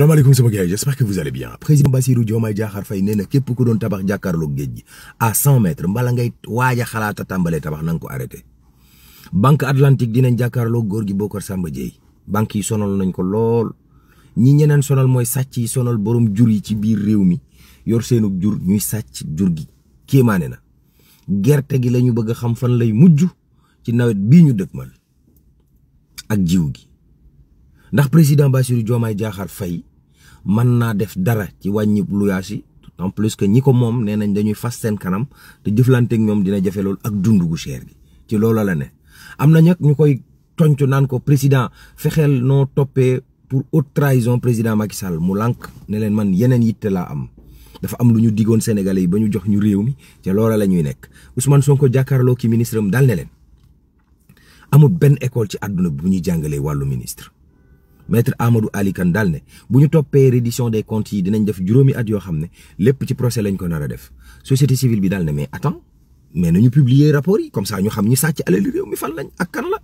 salaamaaleykum sama gars yi j'espère que vous allez bien président Bassirou Diomaye Diakhar Faye nee képp ku doon tabax jàkkaarloog géej gi à cent mètres mbala ngay waaj a xalaat tàmbalee tabax na ko arrêté banque atlantique dinañ jàkkaarloog góor gi Bocar Samba Dièye banque yi sonal nañ ko lool ñi ñeneen sonal mooy sàcc yi sonal borom jur yi ci biir réew mi yor seenu jur ñuy sàcc jur gi kéemaane na gerte gi la ñu bëgg a xam fan lay mujj ci nawet bii ñu dëkk mal ak jiw gi ndax président Bassirou Diomaye Diakhar Faye man naa def dara ci wàññi luyaas yi en plus que ñi ko moom nee nañ dañuy fas seen kanam te jëflanteeg ñoom dina jafe loolu ak dund gu cher gi ci loola la ne am na ñag ñu koy tonc naan ko président fexeel noo toppee pour haute traison président Macky Sall mu lànk ne leen man yeneen yitte laa am dafa am lu ñu diggoon Sénégalais yi ba ñu jox ñu réew mi te loola la ñuy nekk Ousmane ko jàkkaarloo ki ministre am daal ne leen amul benn école ci àdduna bu ñuy jàngalee wàllu ministre maître Amadou Ali Kane daal ne bu ñu toppee reddition des comptes yi dinañ def juróomi at yoo xam ne lépp ci procès lañ ko nar a def société civile bi daal ne mais attends mais nañu publier rapport yi comme ça ñu xam ñi sàcc alal réew mi fan lañ ak kan la.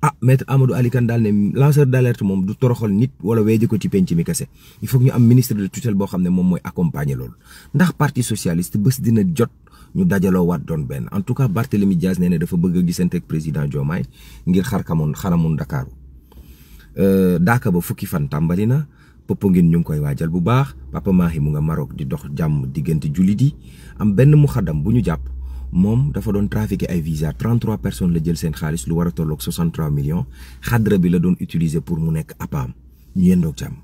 ah maître Amadou Ali Kane daal ne lancer d' alerte moom du toroxol nit wala weeje ko ci penc mi kese il faut ñu am ministre de tutelle boo xam ne moom mooy accompagner loolu ndax parti socialiste bés dina jot. ñu dajaloo waat benn en tout cas Barthélémy Diaz nee ne dafa bëgg a gisante ak président Diomaye ngir xar Ndakaaru Euh, daaka ba fukki fan tàmbali na Popenguine ñu ngi koy waajal bu baax Papa Mahi mu nga Maroc di dox jàmm diggante jullit yi am benn muxadam bu ñu jàpp moom dafa doon trafiqué ay visa 33 personnes la jël seen xaalis lu war a tolloog 63 millions xadra bi la doon utiliser pour mu nekk apaam ñu yendoog jàmm